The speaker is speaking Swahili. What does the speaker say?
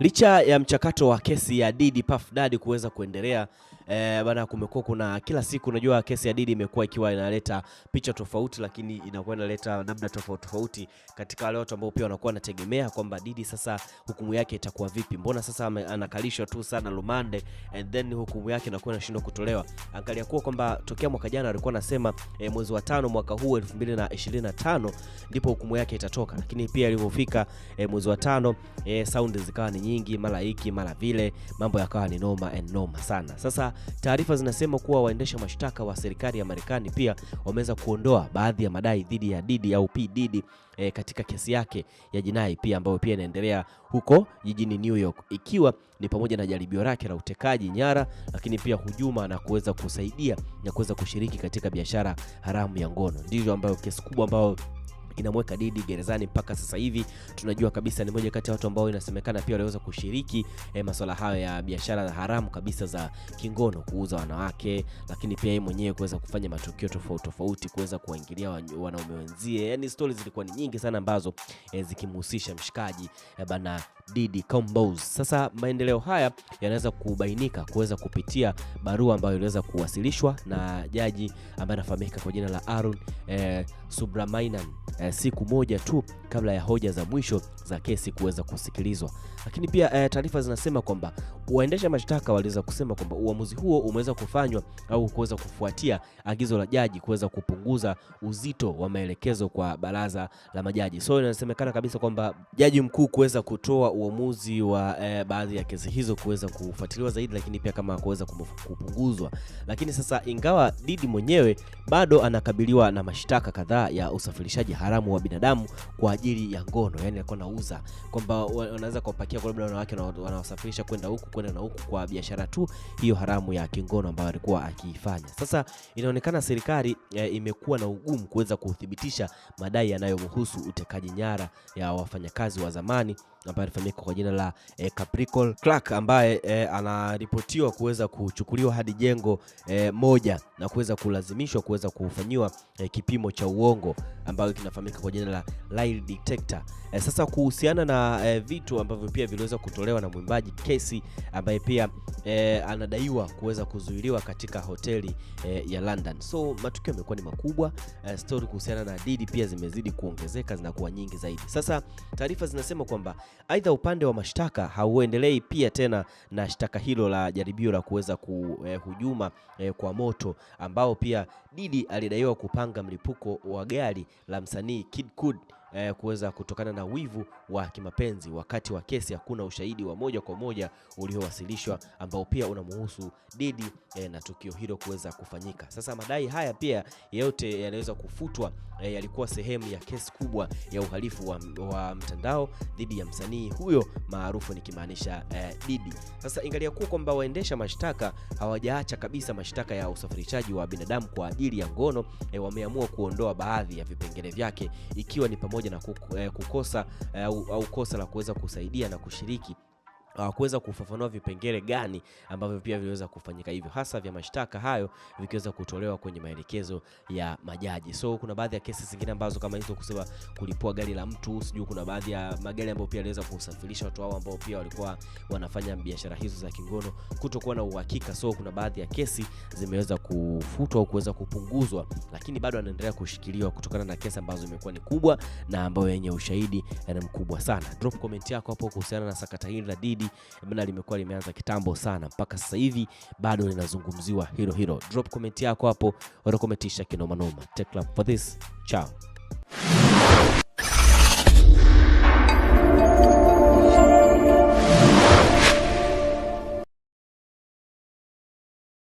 Licha ya mchakato wa kesi ya Didi Puff Daddy kuweza kuendelea e, bana, kumekuwa kuna kila siku, unajua kesi ya Didi imekuwa ikiwa inaleta picha tofauti, lakini inakuwa inaleta namna tofauti tofauti katika wale watu ambao pia wanakuwa wanategemea kwamba Didi sasa hukumu yake itakuwa vipi. Mbona sasa anakalishwa tu sana lumande and then hukumu yake inakuwa inashindwa kutolewa? Angalia kuwa kwamba tokea mwaka jana alikuwa anasema e, mwezi wa tano mwaka huu 2025 ndipo hukumu yake itatoka, lakini pia ilivyofika e, mwezi wa tano e, sound zikawa ni nyingi, mara hiki mara vile, mambo yakawa ni noma and noma sana. Sasa taarifa zinasema kuwa waendesha mashtaka wa serikali ya Marekani pia wameweza kuondoa baadhi ya madai dhidi ya Diddy au P Diddy e, eh, katika kesi yake ya jinai pia ambayo pia inaendelea huko jijini New York, ikiwa ni pamoja na jaribio lake la utekaji nyara, lakini pia hujuma na kuweza kusaidia na kuweza kushiriki katika biashara haramu ya ngono. Ndivyo ambayo kesi kubwa ambayo inamweka Didi gerezani mpaka sasa hivi. Tunajua kabisa ni moja kati ya watu ambao inasemekana pia waliweza kushiriki eh, masuala hayo ya biashara haramu kabisa za kingono, kuuza wanawake, lakini pia yeye mwenyewe kuweza kufanya matukio tofauti tofauti, kuweza kuwaingilia wanaume wenzie. Yani stori zilikuwa ni nyingi sana ambazo eh, zikimhusisha mshikaji eh, bana Didi Combos. Sasa maendeleo haya yanaweza kubainika kuweza kupitia barua ambayo iliweza kuwasilishwa na jaji ambaye anafahamika kwa jina la Arun eh, Subramanian eh, siku moja tu kabla ya hoja za mwisho za kesi kuweza kusikilizwa. Lakini pia eh, taarifa zinasema kwamba waendesha mashtaka waliweza kusema kwamba uamuzi huo umeweza kufanywa au kuweza kufuatia agizo la jaji kuweza kupunguza uzito wa maelekezo kwa baraza la majaji. So inasemekana kabisa kwamba jaji mkuu kuweza kutoa uamuzi wa eh, baadhi ya kesi hizo kuweza kufuatiliwa zaidi, lakini pia kama kuweza kupunguzwa. Lakini sasa, ingawa Diddy mwenyewe bado anakabiliwa na mashtaka kadhaa ya usafirishaji haramu wa binadamu kwa ajili ya ngono, yani alikuwa anauza kwamba wanaweza kuwapakia labda wanawake na wanawasafirisha kwenda huku kwenda na huku kwa biashara tu hiyo haramu ya kingono ambayo alikuwa akiifanya. Sasa inaonekana serikali eh, imekuwa na ugumu kuweza kuthibitisha madai yanayomhusu utekaji nyara ya wafanyakazi wa zamani ambaye anafahamika kwa jina la e, Capricorn Clark ambaye e, anaripotiwa kuweza kuchukuliwa hadi jengo e, moja na kuweza kulazimishwa kuweza kufanyiwa e, kipimo cha uongo ambayo kinafahamika kwa jina la lie detector. E, sasa kuhusiana na e, vitu ambavyo pia viliweza kutolewa na mwimbaji kesi ambaye pia e, anadaiwa kuweza kuzuiliwa katika hoteli e, ya London. So matukio yamekuwa ni makubwa E, story kuhusiana na Didi pia zimezidi kuongezeka zinakuwa nyingi zaidi. Sasa taarifa zinasema kwamba Aidha, upande wa mashtaka hauendelei pia tena na shtaka hilo la jaribio la kuweza kuhujuma eh, eh, kwa moto ambao pia Diddy alidaiwa kupanga mlipuko wa gari la msanii Kid Cudi eh, kuweza kutokana na wivu wa kimapenzi wakati wa kesi hakuna ushahidi wa moja kwa moja uliowasilishwa ambao pia unamuhusu Diddy eh, na tukio hilo kuweza kufanyika. Sasa madai haya pia yote yanaweza kufutwa eh, yalikuwa sehemu ya kesi kubwa ya uhalifu wa, wa mtandao dhidi ya msanii huyo maarufu nikimaanisha eh, Diddy. Sasa ingalia kuwa kwamba waendesha mashtaka hawajaacha kabisa mashtaka ya usafirishaji wa binadamu kwa ajili ya ngono eh, wameamua kuondoa baadhi ya vipengele vyake ikiwa ni pamoja pamoja na eh, kukosa eh, au kosa la kuweza kusaidia na kushiriki hawakuweza kufafanua vipengele gani ambavyo pia viliweza kufanyika hivyo, hasa vya mashtaka hayo vikiweza kutolewa kwenye maelekezo ya majaji. So kuna baadhi ya kesi zingine ambazo kama hizo, kusema kulipua gari la mtu sijui, kuna baadhi ya magari ambayo pia aliweza kusafirisha watu hao ambao pia walikuwa wanafanya biashara hizo za kingono, kutokuwa na uhakika. So kuna baadhi ya kesi zimeweza kufutwa au kuweza kupunguzwa, lakini bado anaendelea kushikiliwa kutokana na kesi ambazo imekuwa ni kubwa na ambayo yenye ushahidi eh, mkubwa sana. Drop comment yako hapo kuhusiana na sakata hili la zaidi bana, limekuwa limeanza kitambo sana, mpaka sasa hivi bado linazungumziwa hilo hilo. Drop comment yako hapo, utakometisha kinoma noma. Take love for this, ciao.